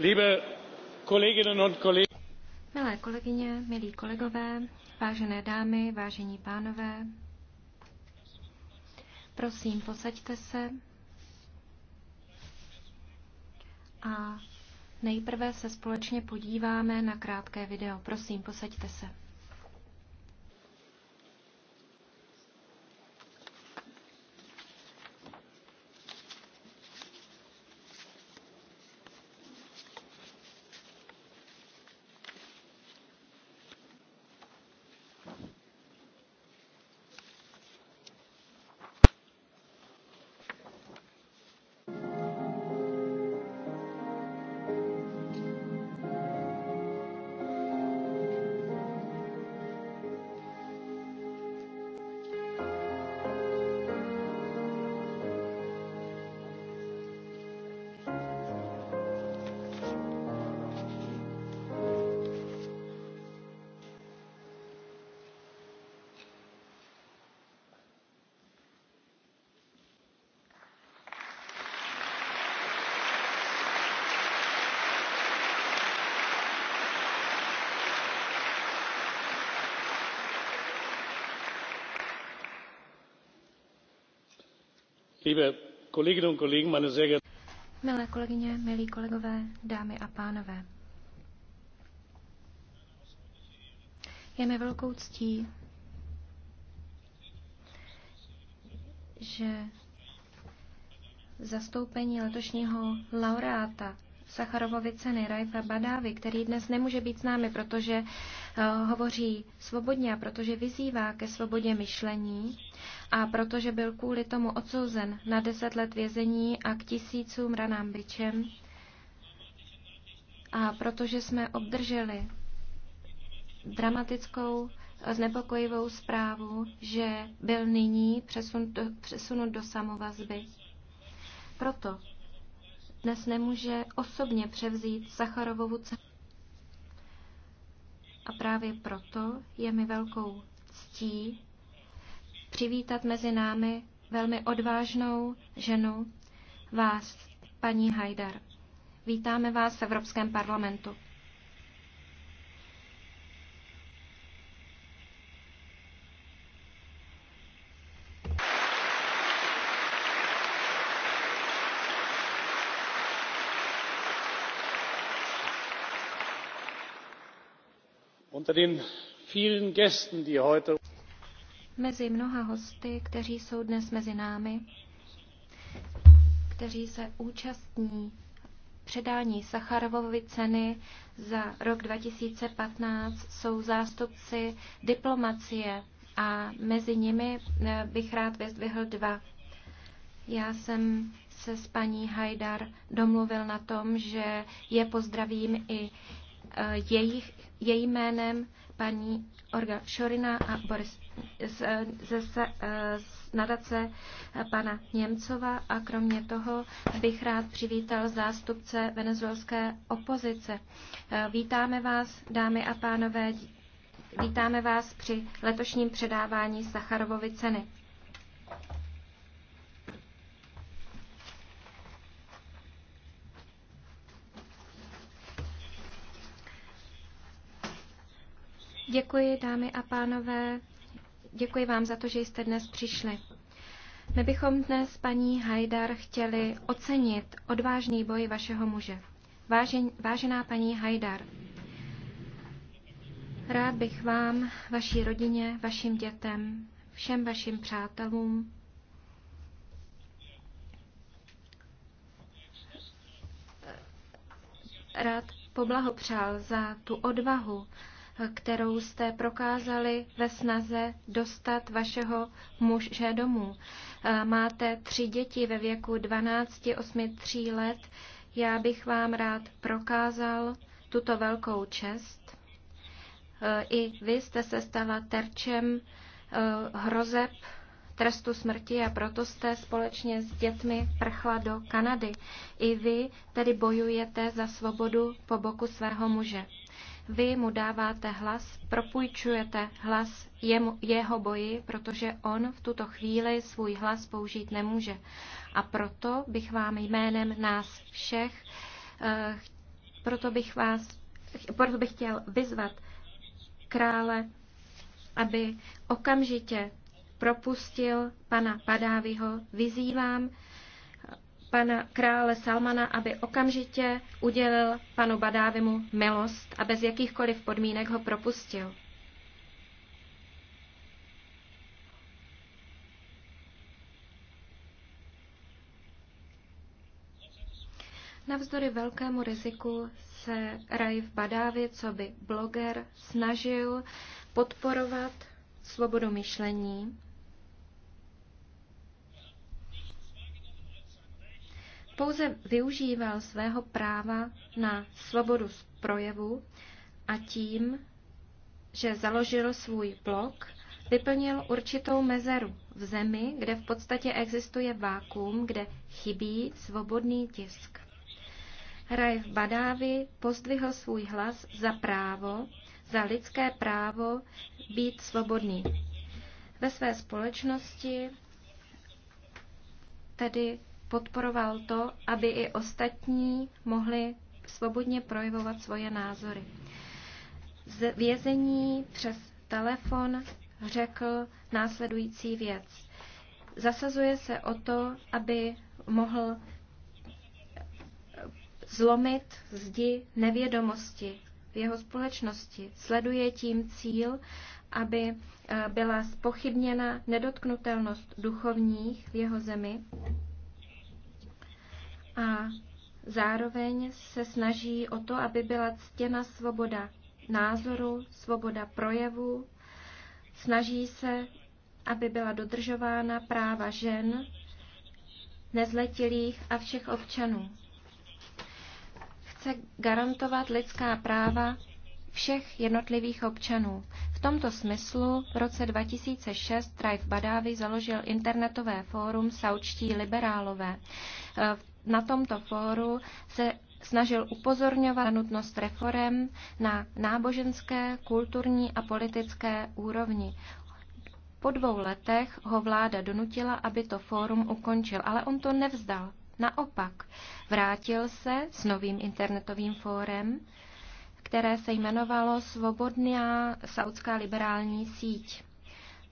Milé kolegyně, milí kolegové, vážené dámy, vážení pánové, prosím, posaďte se. A nejprve se společně podíváme na krátké video. Prosím, posaďte se. Liebe Kolleginnen und Kollegen, meine sehr geehrten Milé kolegyně, milí kolegové, dámy a pánové. Je mi velkou ctí, že zastoupení letošního laureáta Sacharovovy ceny Raifa Badávy, který dnes nemůže být s námi, protože Eh, hovoří svobodně a protože vyzývá ke svobodě myšlení a protože byl kvůli tomu odsouzen na deset let vězení a k tisícům ranám byčem a protože jsme obdrželi dramatickou znepokojivou zprávu, že byl nyní přesunut do, přesunut do samovazby. Proto dnes nemůže osobně převzít Sacharovovu cenu. A právě proto je mi velkou ctí přivítat mezi námi velmi odvážnou ženu, vás, paní Hajdar. Vítáme vás v Evropském parlamentu. mezi mnoha hosty, kteří jsou dnes mezi námi, kteří se účastní předání Sacharovovy ceny za rok 2015 jsou zástupci diplomacie a mezi nimi eh, bych rád vyzdvihl dva. Já jsem se s paní Hajdar domluvil na tom, že je pozdravím i Eh, jejich, její jménem paní Orga Šorina a Boris z, ze, z, eh, z nadace pana Němcova a kromě toho bych rád přivítal zástupce venezuelské opozice. Eh, vítáme vás, dámy a pánové, vítáme vás při letošním předávání Sacharovovy ceny. Děkuji, dámy a pánové. Děkuji vám za to, že jste dnes přišli. My bychom dnes, paní Hajdar, chtěli ocenit odvážný boj vašeho muže. Vážen, vážená paní Hajdar, rád bych vám, vaší rodině, vašim dětem, všem vašim přátelům rád poblahopřál za tu odvahu, kterou jste prokázali ve snaze dostat vašeho muže domů. Eh, máte tři děti ve věku 12, 8, 3 let. Já bych vám rád prokázal tuto velkou čest. Eh, I vy jste se stala terčem eh, hrozeb trestu smrti a proto jste společně s dětmi prchla do Kanady. I vy tedy bojujete za svobodu po boku svého muže. Vy mu dáváte hlas, propůjčujete hlas jemu, jeho boji, protože on v tuto chvíli svůj hlas použít nemůže. A proto bych vám jménem nás všech, eh, proto bych vás, proto bych chtěl vyzvat krále, aby okamžitě propustil pana Padávyho. Vyzývám pana krále Salmana, aby okamžitě udělil panu Badávimu milost a bez jakýchkoliv podmínek ho propustil. Navzdory velkému riziku se v Badávi, co by bloger, snažil podporovat svobodu myšlení pouze využíval svého práva na svobodu z projevu a tím, že založil svůj blog, vyplnil určitou mezeru v zemi, kde v podstatě existuje vákuum, kde chybí svobodný tisk. v Badávi pozdvihl svůj hlas za právo, za lidské právo být svobodný. Ve své společnosti tedy podporoval to, aby i ostatní mohli svobodně projevovat svoje názory. Z vězení přes telefon řekl následující věc. Zasazuje se o to, aby mohl zlomit zdi nevědomosti v jeho společnosti. Sleduje tím cíl, aby eh, byla spochybněna nedotknutelnost duchovních v jeho zemi a zároveň se snaží o to, aby byla ctěna svoboda názoru, svoboda projevu, snaží se, aby byla dodržována práva žen, nezletilých a všech občanů. Chce garantovat lidská práva všech jednotlivých občanů. V tomto smyslu v roce 2006 Raif Badavi založil internetové fórum Saučtí liberálové. V eh, na tomto fóru se snažil upozorňovat na nutnost reform na náboženské, kulturní a politické úrovni. Po dvou letech ho vláda donutila, aby to fórum ukončil, ale on to nevzdal. Naopak, vrátil se s novým internetovým fórem, které se jmenovalo Svobodná saudská liberální síť.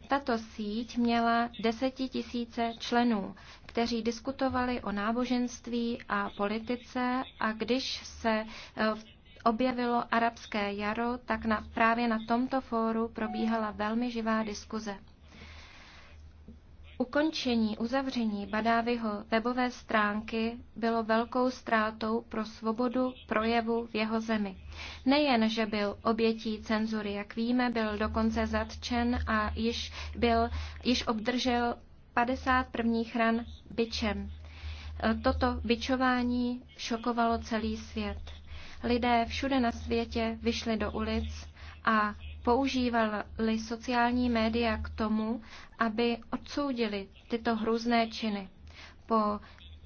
Tato síť měla desetitisíce členů, kteří diskutovali o náboženství a politice a když se eh, objevilo arabské jaro, tak na, právě na tomto fóru probíhala velmi živá diskuze. Ukončení, uzavření Badávyho webové stránky bylo velkou ztrátou pro svobodu projevu v jeho zemi. Nejen, že byl obětí cenzury, jak víme, byl dokonce zatčen a již, byl, již obdržel 50 prvních ran byčem. Toto byčování šokovalo celý svět. Lidé všude na světě vyšli do ulic a používali sociální média k tomu, aby odsoudili tyto hrůzné činy. Po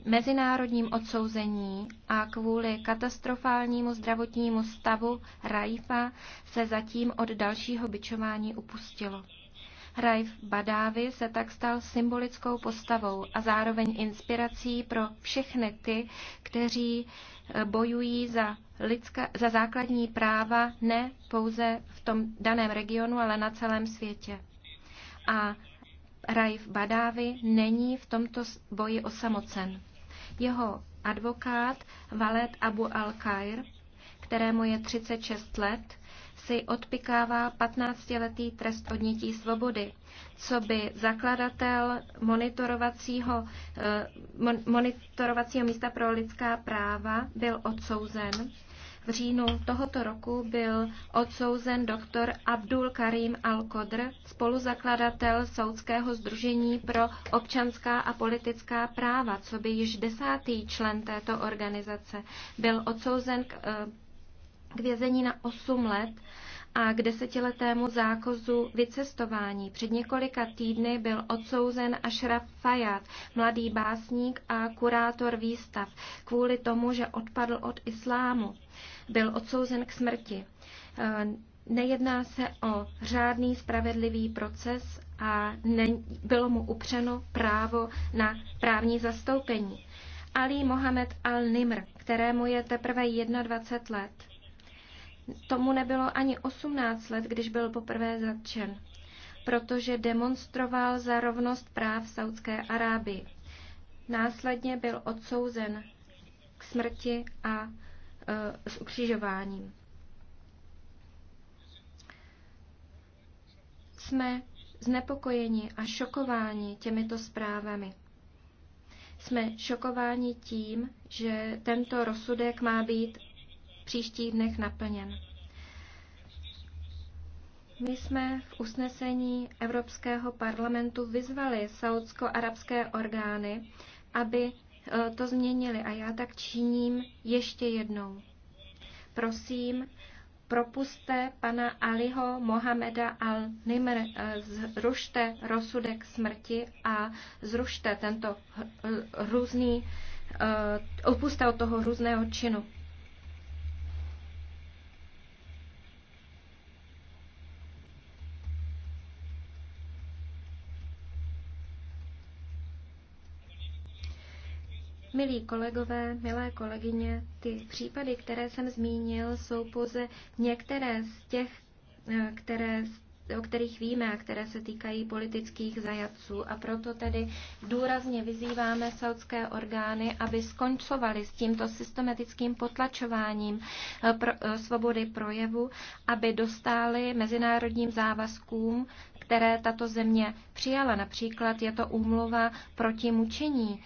mezinárodním odsouzení a kvůli katastrofálnímu zdravotnímu stavu Raifa se zatím od dalšího byčování upustilo. Raif Badavi se tak stal symbolickou postavou a zároveň inspirací pro všechny ty, kteří eh, bojují za, lidska, za základní práva ne pouze v tom daném regionu, ale na celém světě. A Raif Badavi není v tomto boji osamocen. Jeho advokát Valet Abu al kair kterému je 36 let, si odpikává 15-letý trest odnětí svobody, co by zakladatel monitorovacího, eh, monitorovacího místa pro lidská práva byl odsouzen. V říjnu tohoto roku byl odsouzen doktor Abdul Karim Al-Kodr, spoluzakladatel Soudského združení pro občanská a politická práva, co by již desátý člen této organizace. Byl odsouzen k eh, k vězení na 8 let a k desetiletému zákazu vycestování. Před několika týdny byl odsouzen Ashraf Fayad, mladý básník a kurátor výstav, kvůli tomu, že odpadl od islámu. Byl odsouzen k smrti. E, nejedná se o řádný spravedlivý proces a ne, bylo mu upřeno právo na právní zastoupení. Ali Mohamed Al-Nimr, kterému je teprve 21 let, Tomu nebylo ani 18 let, když byl poprvé zatčen, protože demonstroval za rovnost práv Saudské Arábii. Následně byl odsouzen k smrti a e, s ukřižováním. Jsme znepokojeni a šokováni těmito zprávami. Jsme šokováni tím, že tento rozsudek má být příštích dnech naplněn. My jsme v usnesení Evropského parlamentu vyzvali saudsko-arabské orgány, aby e, to změnili a já tak činím ještě jednou. Prosím, propuste pana Aliho Mohameda al-Nimr, e, zrušte rozsudek smrti a zrušte tento hrůzný, e, opuste od toho hrůzného činu. Milí kolegové, milé kolegyně, ty případy, které jsem zmínil, jsou pouze některé z těch, eh, které o kterých víme a které se týkají politických zajatců. A proto tedy důrazně vyzýváme saudské orgány, aby skoncovaly s tímto systematickým potlačováním eh, pro, eh, svobody projevu, aby dostály mezinárodním závazkům, které tato země přijala. Například je to úmluva proti mučení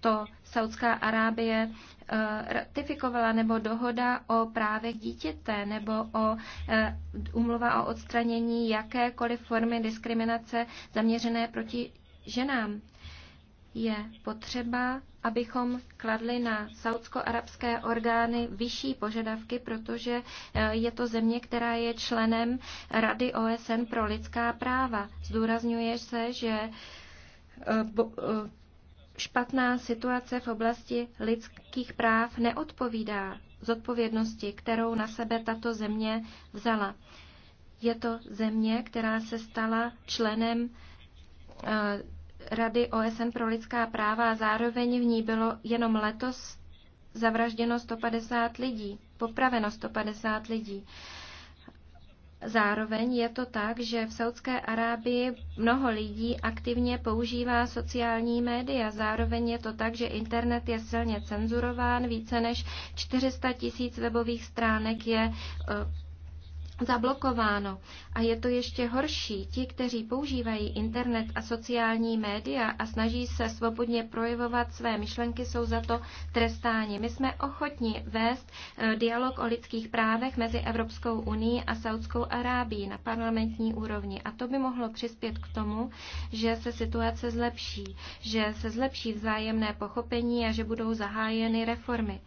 to Saudská Arábie eh, ratifikovala, nebo dohoda o právech dítěte, nebo o eh, umluva o odstranění jakékoliv formy diskriminace zaměřené proti ženám. Je potřeba, abychom kladli na saudsko-arabské orgány vyšší požadavky, protože eh, je to země, která je členem Rady OSN pro lidská práva. Zdůrazňuje se, že špatná situace v oblasti lidských práv neodpovídá zodpovědnosti, kterou na sebe tato země vzala. Je to země, která se stala členem eh, Rady OSN pro lidská práva a zároveň v ní bylo jenom letos zavražděno 150 lidí, popraveno 150 lidí. Zároveň je to tak, že v Saudské Arábii mnoho lidí aktivně používá sociální média. Zároveň je to tak, že internet je silně cenzurován. Více než 400 tisíc webových stránek je eh, zablokováno. A je to ještě horší. Ti, kteří používají internet a sociální média a snaží se svobodně projevovat své myšlenky, jsou za to trestáni. My jsme ochotni vést eh, dialog o lidských právech mezi Evropskou unii a Saudskou Arábií na parlamentní úrovni. A to by mohlo přispět k tomu, že se situace zlepší, že se zlepší vzájemné pochopení a že budou zahájeny reformy.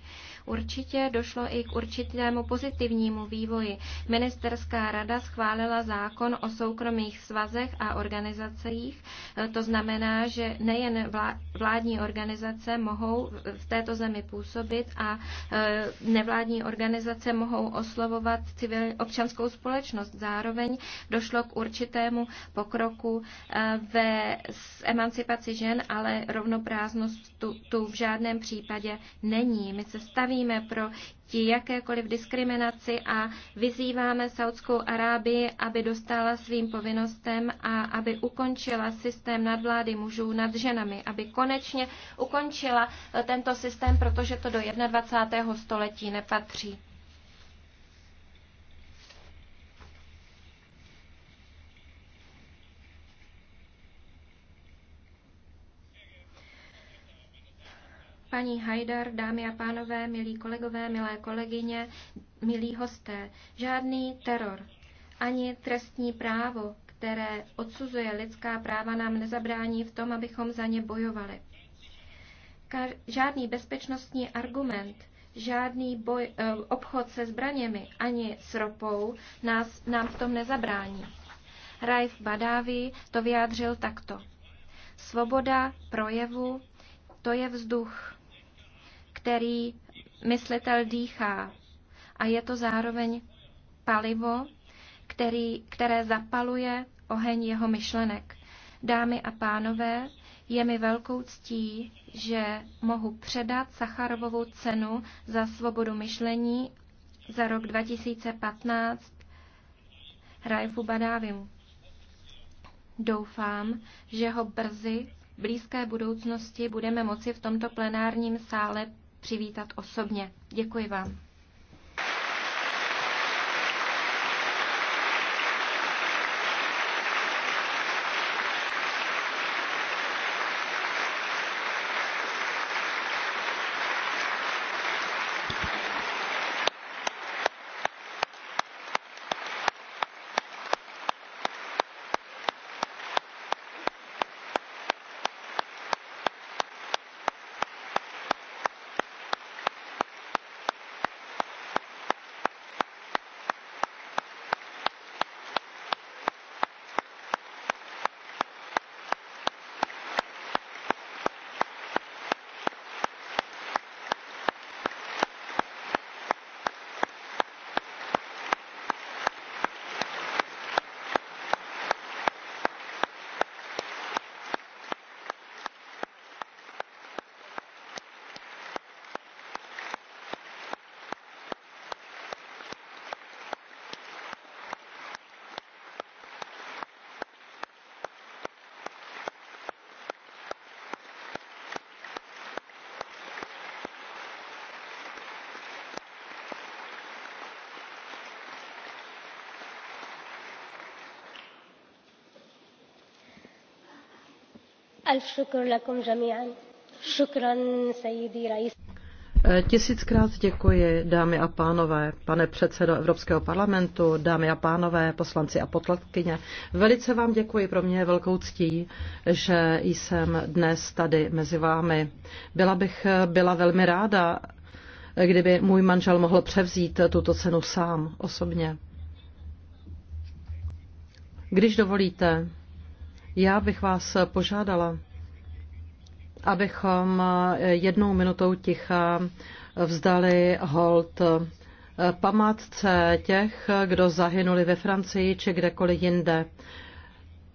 Určitě došlo i k určitému pozitivnímu vývoji. Ministerská rada schválila zákon o soukromých svazech a organizacích. E, to znamená, že nejen vládní organizace mohou v této zemi působit a e, nevládní organizace mohou oslovovat civil, občanskou společnost. Zároveň došlo k určitému pokroku e, ve s emancipaci žen, ale rovnopráznost tu, tu v žádném případě není. My se stavíme stavíme proti jakékoliv diskriminaci a vyzýváme Saudskou Arábii, aby dostala svým povinnostem a aby ukončila systém nadvlády mužů nad ženami, aby konečně ukončila eh, tento systém, protože to do 21. století nepatří. paní Hajdar, dámy a pánové, milí kolegové, milé kolegyně, milí hosté. Žádný teror, ani trestní právo, které odsuzuje lidská práva, nám nezabrání v tom, abychom za ně bojovali. žádný bezpečnostní argument, žádný boj, eh, obchod se zbraněmi ani s ropou nás, nám v tom nezabrání. Raif Badawi to vyjádřil takto. Svoboda projevu, to je vzduch, který myslitel dýchá. A je to zároveň palivo, který, které zapaluje oheň jeho myšlenek. Dámy a pánové, je mi velkou ctí, že mohu předat sacharovou cenu za svobodu myšlení za rok 2015 Rajfu Badávimu. Doufám, že ho brzy v blízké budoucnosti budeme moci v tomto plenárním sále přivítat osobně. Děkuji vám. Eh, tisíckrát děkuji, dámy a pánové, pane předsedo Evropského parlamentu, dámy a pánové, poslanci a potlatkyně. Velice vám děkuji, pro mě je velkou ctí, že jsem dnes tady mezi vámi. Byla bych eh, byla velmi ráda, eh, kdyby můj manžel mohl převzít tuto cenu sám, osobně. Když dovolíte, já bych vás požádala, abychom jednou minutou ticha vzdali hold památce těch, kdo zahynuli ve Francii či kdekoliv jinde.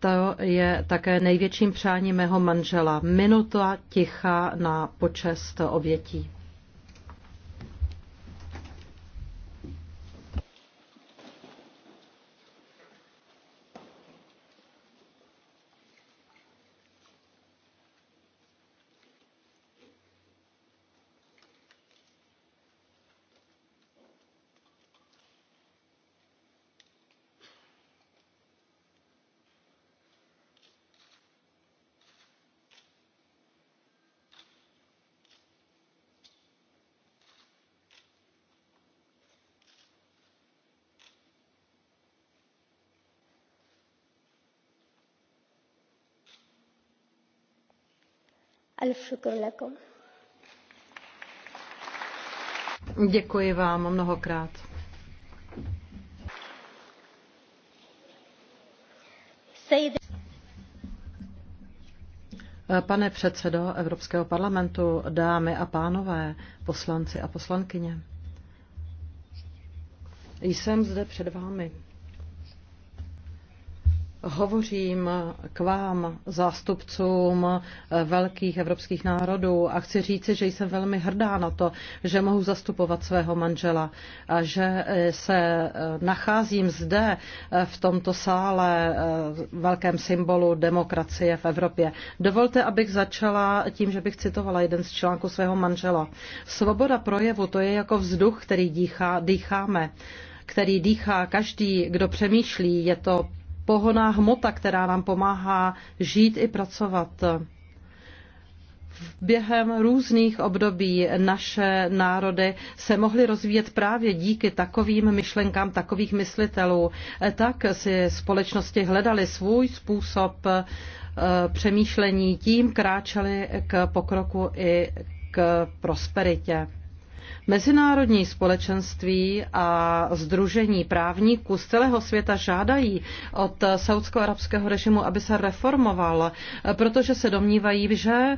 To je také největším přáním mého manžela. Minuta ticha na počest obětí. ألف شكر لكم Děkuji vám mnohokrát. Pane předsedo Evropského parlamentu, dámy a pánové, poslanci a poslankyně, jsem zde před vámi hovořím k vám, zástupcům eh, velkých evropských národů a chci říci, že jsem velmi hrdá na to, že mohu zastupovat svého manžela a že eh, se eh, nacházím zde v tomto sále velkém symbolu demokracie v Evropě. Dovolte, abych začala tím, že bych citovala jeden z článků svého manžela. Svoboda projevu to je jako vzduch, který dýchá, dýcháme který dýchá každý, kdo přemýšlí, je to pohoná hmota, která nám pomáhá žít i pracovat. Během různých období naše národy se mohly rozvíjet právě díky takovým myšlenkám takových myslitelů. Tak si společnosti hledali svůj způsob eh, přemýšlení, tím kráčeli k pokroku i k prosperitě. Mezinárodní společenství a združení právníků z celého světa žádají od saudsko-arabského režimu, aby se reformoval, protože se domnívají, že ehm,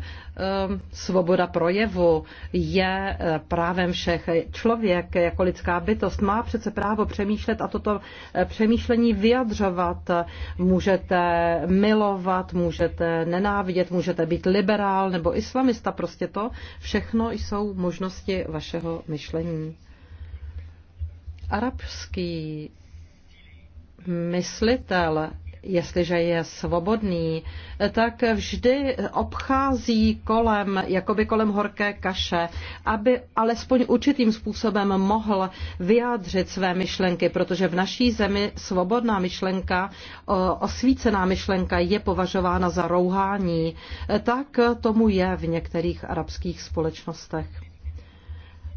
svoboda projevu je eh, právem všech. Člověk jako lidská bytost má přece právo přemýšlet a toto eh, přemýšlení vyjadřovat. Můžete milovat, můžete nenávidět, můžete být liberál nebo islamista. Prostě to všechno jsou možnosti vašeho našeho myšlení. Arabský myslitel jestliže je svobodný, tak vždy obchází kolem, jakoby kolem horké kaše, aby alespoň určitým způsobem mohl vyjádřit své myšlenky, protože v naší zemi svobodná myšlenka, osvícená myšlenka je považována za rouhání. Tak tomu je v některých arabských společnostech.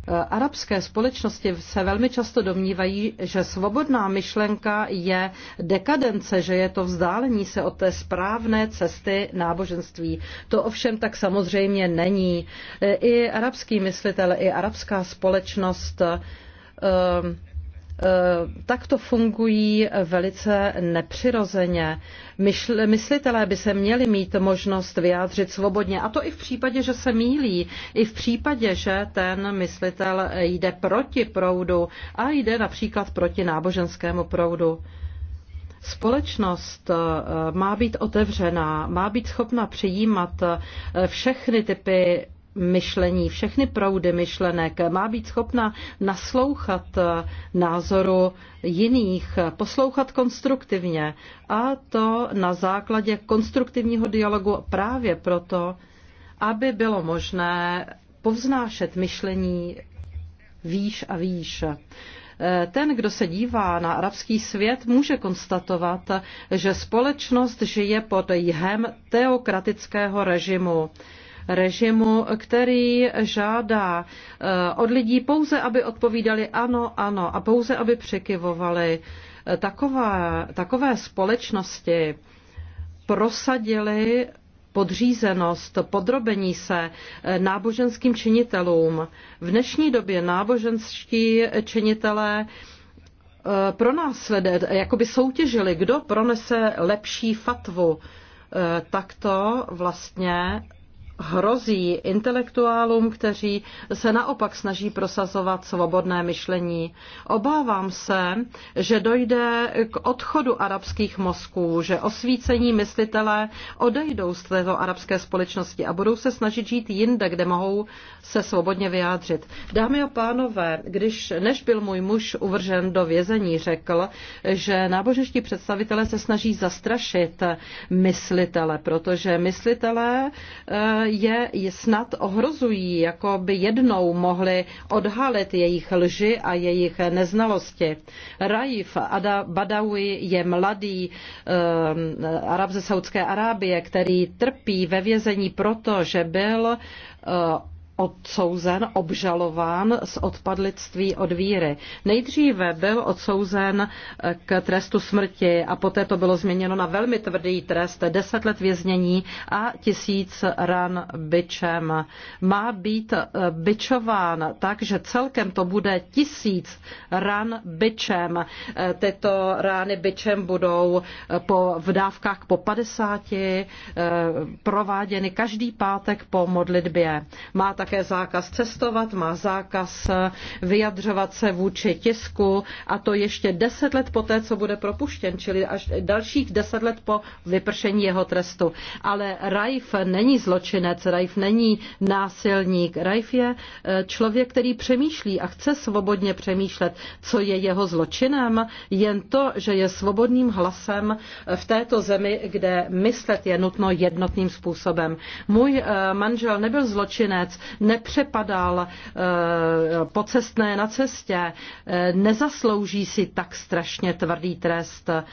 Eh, arabské společnosti se velmi často domnívají, že svobodná myšlenka je dekadence, že je to vzdálení se od té správné cesty náboženství. To ovšem tak samozřejmě není. Eh, I arabský myslitel, i arabská společnost eh, Eh, takto fungují velice nepřirozeně. Myšl, myslitelé by se měli mít možnost vyjádřit svobodně, a to i v případě, že se mílí, i v případě, že ten myslitel jde proti proudu a jde například proti náboženskému proudu. Společnost eh, má být otevřená, má být schopna přijímat eh, všechny typy myšlení, všechny proudy myšlenek, má být schopna naslouchat názoru jiných, poslouchat konstruktivně a to na základě konstruktivního dialogu právě proto, aby bylo možné povznášet myšlení výš a výš. Ten, kdo se dívá na arabský svět, může konstatovat, že společnost žije pod jhem teokratického režimu režimu, který žádá eh, od lidí pouze, aby odpovídali ano, ano a pouze, aby překyvovali. Eh, takové, takové společnosti prosadili podřízenost, podrobení se eh, náboženským činitelům. V dnešní době náboženští činitelé pro nás jakoby soutěžili, kdo pronese lepší fatvu. Takto vlastně hrozí intelektuálům, kteří se naopak snaží prosazovat svobodné myšlení. Obávám se, že dojde k odchodu arabských mozků, že osvícení myslitelé odejdou z této arabské společnosti a budou se snažit žít jinde, kde mohou se svobodně vyjádřit. Dámy a pánové, když než byl můj muž uvržen do vězení, řekl, že náboženští představitelé se snaží zastrašit myslitele, protože myslitele eh, je snad ohrozují, jako by jednou mohli odhalit jejich lži a jejich neznalosti. Raif Ada Badawi je mladý uh, Arab ze Saudské Arábie, který trpí ve vězení proto, že byl uh, odsouzen, obžalován z odpadlictví od víry. Nejdříve byl odsouzen eh, k trestu smrti a poté to bylo změněno na velmi tvrdý trest, deset let věznění a tisíc ran byčem. Má být eh, byčován tak, že celkem to bude tisíc ran byčem. Eh, tyto rány byčem budou po, v dávkách po 50 prováděny každý pátek po modlitbě. Má také zákaz cestovat, má zákaz eh, vyjadřovat se vůči tisku a to ještě deset let poté, co bude propuštěn, čili až dalších deset let po vypršení jeho trestu. Ale Raif není zločinec, Raif není násilník. Raif je eh, člověk, který přemýšlí a chce svobodně přemýšlet, co je jeho zločinem, jen to, že je svobodným hlasem eh, v této zemi, kde myslet je nutno jednotným způsobem. Můj manžel nebyl zločinec, nepřepadal eh, po cestné na cestě, eh, nezaslouží si tak strašně tvrdý trest eh,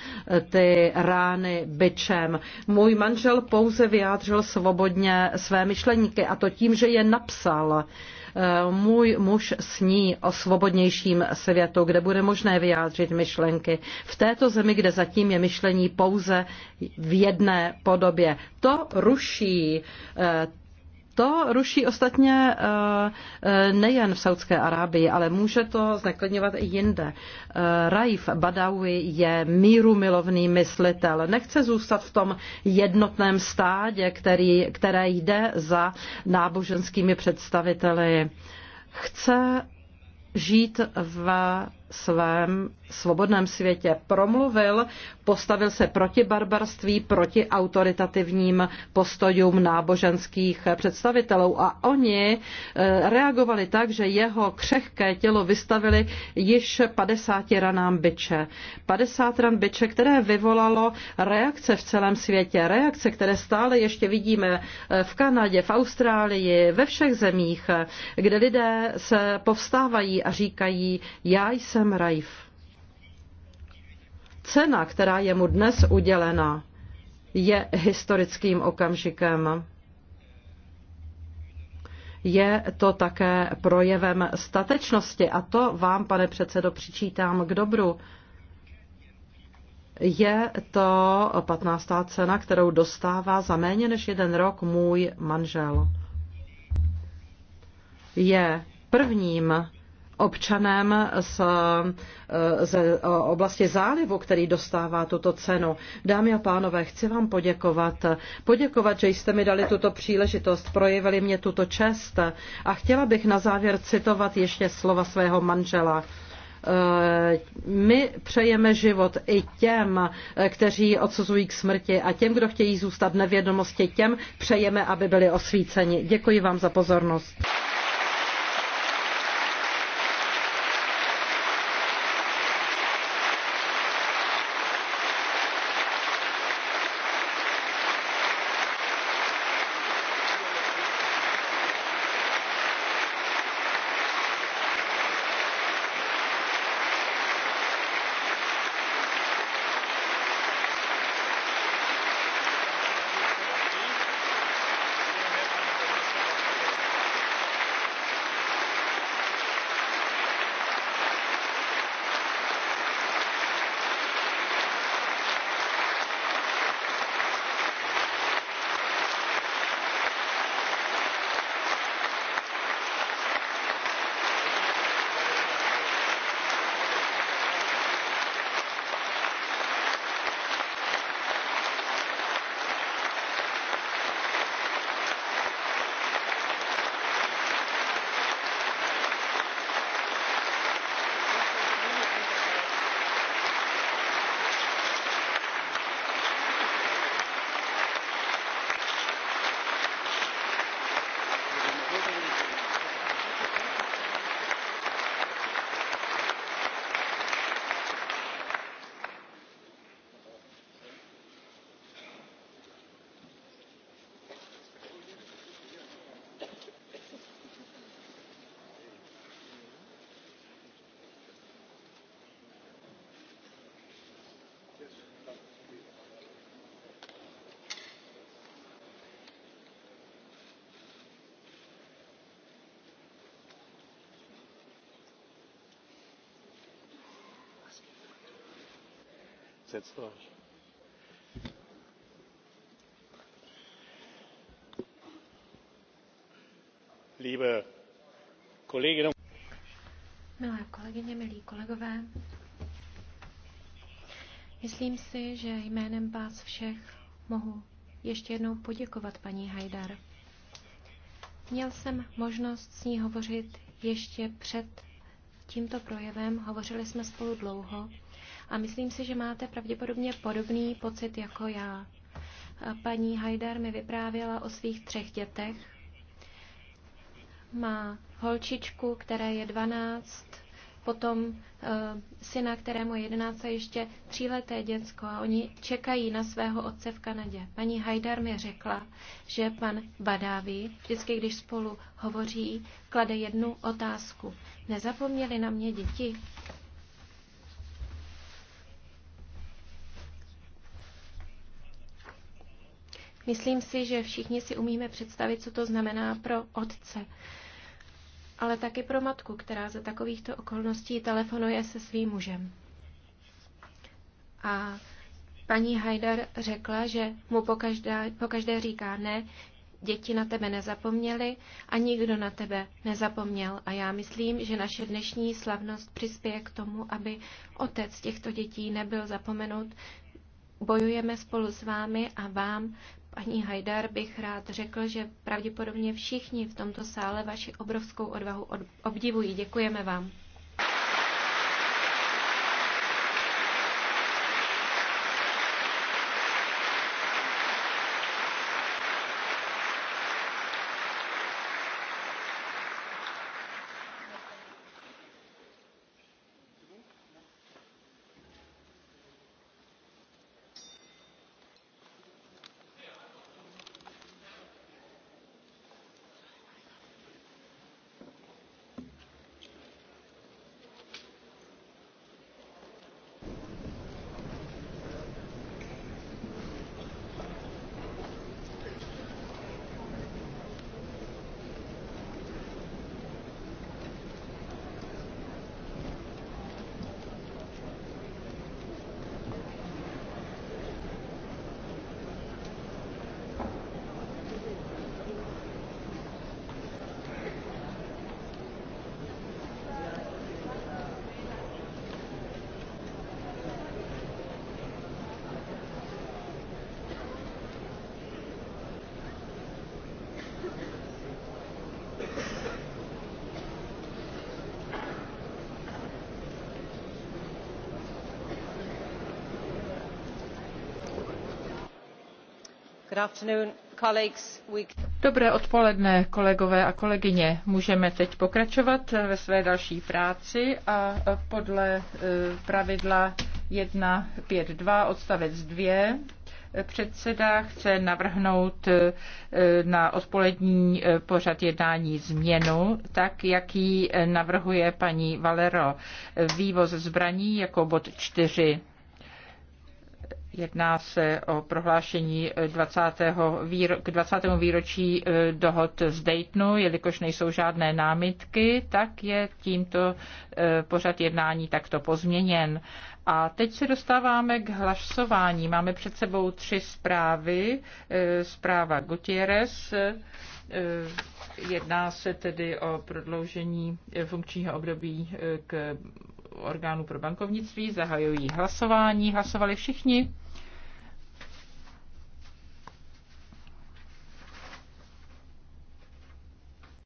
ty rány byčem. Můj manžel pouze vyjádřil svobodně své myšleníky a to tím, že je napsal můj muž sní o svobodnějším světu, kde bude možné vyjádřit myšlenky. V této zemi, kde zatím je myšlení pouze v jedné podobě. To ruší to ruší ostatně eh, eh, nejen v Saudské Arábii, ale může to zneklidňovat i jinde. Eh, Raif Badawi je míru milovný myslitel. Nechce zůstat v tom jednotném stádě, který, které jde za náboženskými představiteli. Chce žít v svém svobodném světě promluvil, postavil se proti barbarství, proti autoritativním postojům náboženských představitelů a oni eh, reagovali tak, že jeho křehké tělo vystavili již 50 ranám byče. 50 ran byče, které vyvolalo reakce v celém světě, reakce, které stále ještě vidíme eh, v Kanadě, v Austrálii, ve všech zemích, eh, kde lidé se povstávají a říkají, já jsem Raif cena, která je mu dnes udělena, je historickým okamžikem. Je to také projevem statečnosti a to vám, pane předsedo, přičítám k dobru. Je to 15. cena, kterou dostává za méně než jeden rok můj manžel. Je prvním občanem z, eh, z eh, oblasti zálivu, který dostává tuto cenu. Dámy a pánové, chci vám poděkovat. Poděkovat, že jste mi dali tuto příležitost, projevili mě tuto čest a chtěla bych na závěr citovat ještě slova svého manžela eh, my přejeme život i těm, kteří odsuzují k smrti a těm, kdo chtějí zůstat nevědomosti, těm přejeme, aby byli osvíceni. Děkuji vám za pozornost. liebe kolleginnen Milé kolegyně, milí kolegové, myslím si, že jménem vás všech mohu ještě jednou poděkovat paní Hajdar. Měl jsem možnost s ní hovořit ještě před tímto projevem. Hovořili jsme spolu dlouho a myslím si, že máte pravděpodobně podobný pocit jako já. Paní Hajdar mi vyprávěla o svých třech dětech. Má holčičku, které je 12, potom uh, syna, kterému je 11 a ještě tříleté děcko a oni čekají na svého otce v Kanadě. Paní Hajdar mi řekla, že pan Badávi vždycky, když spolu hovoří, klade jednu otázku. Nezapomněli na mě děti? Myslím si, že všichni si umíme představit, co to znamená pro otce, ale taky pro matku, která za takovýchto okolností telefonuje se svým mužem. A paní Hajdar řekla, že mu pokaždé, pokaždé říká ne, děti na tebe nezapomněly a nikdo na tebe nezapomněl. A já myslím, že naše dnešní slavnost přispěje k tomu, aby otec těchto dětí nebyl zapomenut. Bojujeme spolu s vámi a vám paní Hajdar bych rád řekl, že pravděpodobně všichni v tomto sále vaši obrovskou odvahu obdivují. Děkujeme vám. Dobré odpoledne, kolegové a kolegyně. Můžeme teď pokračovat ve své další práci a podle e, pravidla 152 odstavec 2 předseda chce navrhnout e, na odpolední e, pořad jednání změnu, tak jak ji navrhuje paní Valero. Vývoz zbraní jako bod 4 Jedná se o prohlášení 20. Výro, k 20. výročí e, dohod z Daytonu, jelikož nejsou žádné námitky, tak je tímto e, pořad jednání takto pozměněn. A teď se dostáváme k hlasování. Máme před sebou tři zprávy. E, zpráva Gutierrez, jedná se tedy o prodloužení funkčního období k orgánu pro bankovnictví. Zahajují hlasování. Hlasovali všichni.